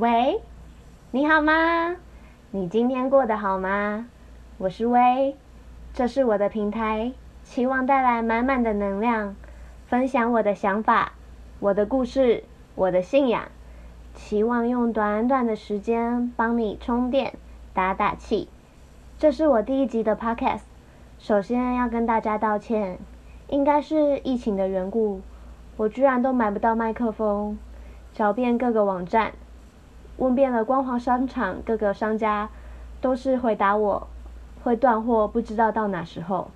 喂，你好嗎？你今天過得好嗎？我是薇，這是我的平台，期望帶來滿滿的能量，分享我的想法、我的故事、我的信仰，期望用短短的時間幫你充電、打打氣。這是我第一集的 Podcast，首先要跟大家道歉，應該是疫情的緣故，我居然都買不到麥克風，找遍各個網站。問遍了光華商場各個商家，都是回答我會斷貨，不知道到哪時候，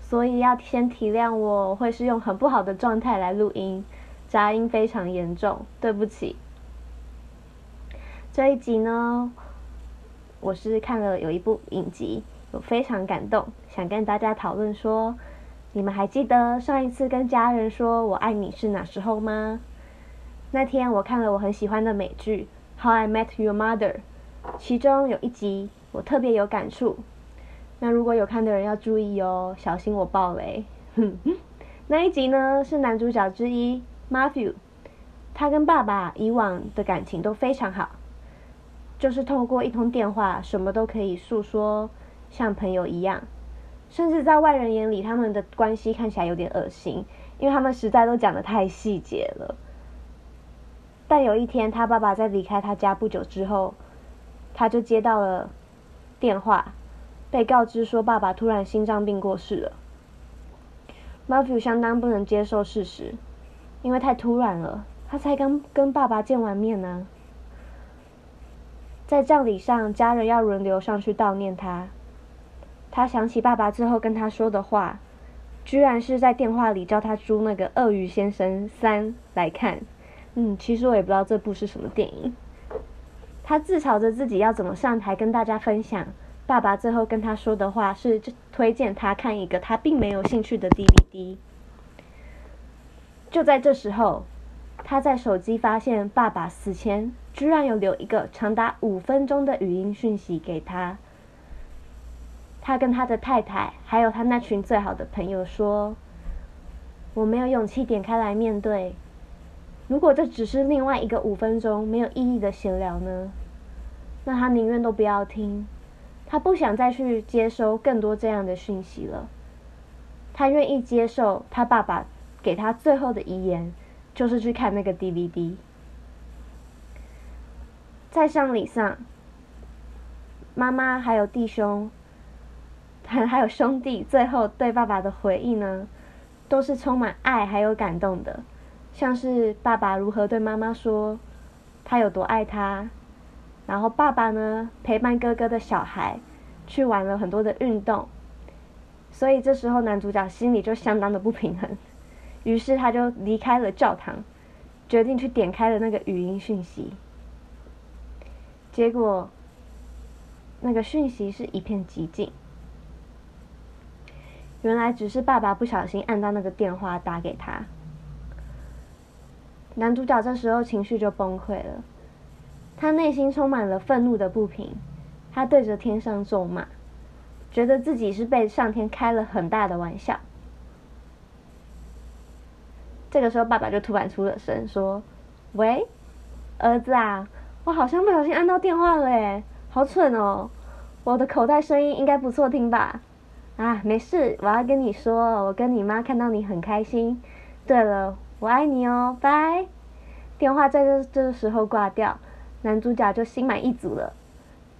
所以要先體諒我會是用很不好的狀態來錄音，雜音非常嚴重，對不起。這一集呢，我是看了有一部影集，我非常感動，想跟大家討論說，你們還記得上一次跟家人說我愛你是哪時候嗎？那天我看了我很喜歡的美劇。How I Met Your Mother，其中有一集我特別有感觸。那如果有看的人要注意哦，小心我爆雷。 那一集呢，是男主角之一 Matthew，他跟爸爸以往的感情都非常好，就是透過一通電話，什麼都可以訴說，像朋友一樣。甚至在外人眼裡，他們的關係看起來有點噁心，因為他們實在都講的太細節了。但有一天，他爸爸在離開他家不久之後，他就接到了電話，被告知說爸爸突然心臟病過世了。Matthew 相當不能接受事實，因為太突然了，他才剛跟，跟爸爸見完面呢。在葬禮上，家人要輪流上去悼念他。他想起爸爸之後跟他說的話，居然是在電話裡叫他租那個《鱷魚先生三》來看。嗯，其實我也不知道這部是什麼電影。他自嘲着自己要怎麼上台跟大家分享。爸爸最後跟他說的話是推薦他看一個他並沒有興趣的 DVD。就在這時候，他在手機發現爸爸死前居然有留一個長達五分鐘的語音訊息給他。他跟他的太太還有他那群最好的朋友說：“我沒有勇氣點開來面對。”如果這只是另外一個五分鐘沒有意義的閒聊呢？那他寧願都不要聽，他不想再去接收更多這樣的訊息了。他願意接受他爸爸給他最後的遺言，就是去看那個 DVD。在葬禮上，媽媽還有弟兄，還還有兄弟，最後對爸爸的回憶呢，都是充滿愛還有感動的。像是爸爸如何對媽媽說，他有多愛她，然後爸爸呢，陪伴哥哥的小孩，去玩了很多的運動，所以這時候男主角心裡就相當的不平衡，於是他就離開了教堂，決定去點開了那個語音訊息，結果，那個訊息是一片寂靜，原來只是爸爸不小心按到那個電話打給他。男主角這時候情緒就崩潰了，他內心充滿了憤怒的不平，他對着天上咒罵，覺得自己是被上天開了很大的玩笑。這個時候，爸爸就突然出了聲說：“喂，兒子啊，我好像不小心按到電話了，誒，好蠢哦！我的口袋聲音應該不錯聽吧？啊，沒事，我要跟你說，我跟你媽看到你很開心。對了。”我愛你哦，拜。電話在這這個時候掛掉，男主角就心滿意足了。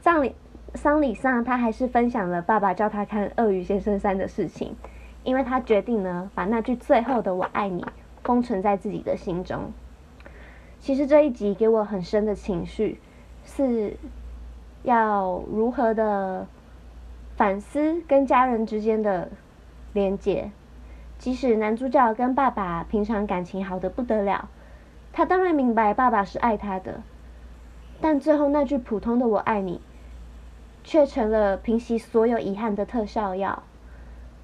葬禮、喪禮上，他還是分享了爸爸叫他看《鱷魚先生三》的事情，因為他決定呢，把那句最後的“我愛你”封存在自己的心中。其實這一集給我很深的情緒，是要如何的反思跟家人之間的連結。即使男主角跟爸爸平常感情好得不得了，他當然明白爸爸是愛他的，但最後那句普通的“我愛你”，卻成了平息所有遺憾的特效藥。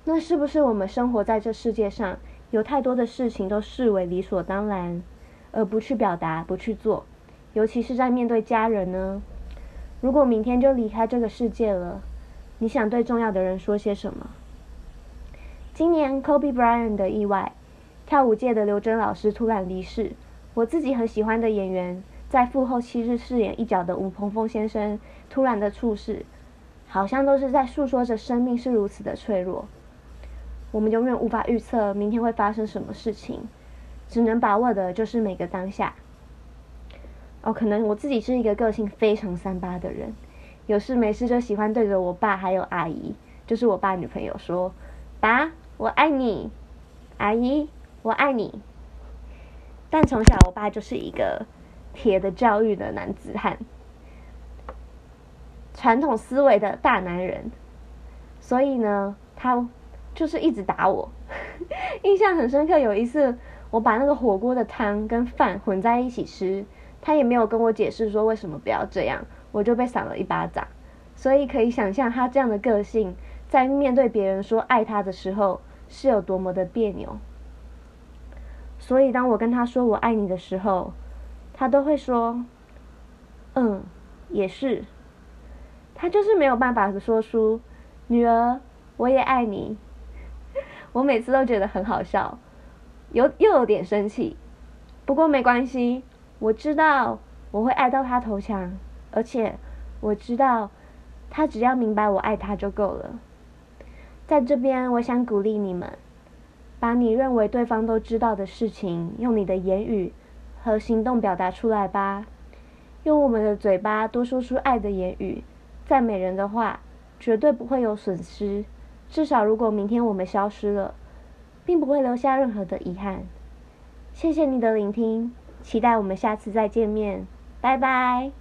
那是不是我們生活在這世界上，有太多的事情都視為理所當然，而不去表達、不去做，尤其是在面對家人呢？如果明天就離開這個世界了，你想對重要的人說些什麼？今年 Kobe Bryant 的意外，跳舞界的劉真老師突然離世，我自己很喜歡的演員在《父後七日》飾演一角的吳朋奉先生突然的猝逝，好像都是在訴說着生命是如此的脆弱。我們永遠無法預測明天會發生什麼事情，只能把握的就是每個當下。哦，可能我自己是一個個性非常三八的人，有事沒事就喜歡對着我爸還有阿姨，就是我爸女朋友說，爸。我愛你，阿姨，我愛你。但從小，我爸就是一個鐵的教育的男子漢，傳統思維的大男人，所以呢，他就是一直打我。 印象很深刻，有一次我把那個火鍋的湯跟飯混在一起吃，他也沒有跟我解釋說為什麼不要這樣，我就被扇了一巴掌。所以可以想象，他這樣的個性，在面對別人說愛他的時候。是有多麼的彆扭，所以當我跟他說我愛你的時候，他都會說，嗯，也是。他就是沒有辦法說出，女兒，我也愛你。 我每次都覺得很好笑，有又有點生氣，不過沒關係，我知道我會愛到他投降，而且我知道他只要明白我愛他就夠了。在這邊，我想鼓勵你們，把你認為對方都知道的事情，用你的言語和行動表達出來吧。用我們的嘴巴多說出愛的言語、讚美人的話，絕對不會有損失。至少如果明天我們消失了，並不會留下任何的遺憾。謝謝你的聆聽，期待我們下次再見面，拜拜。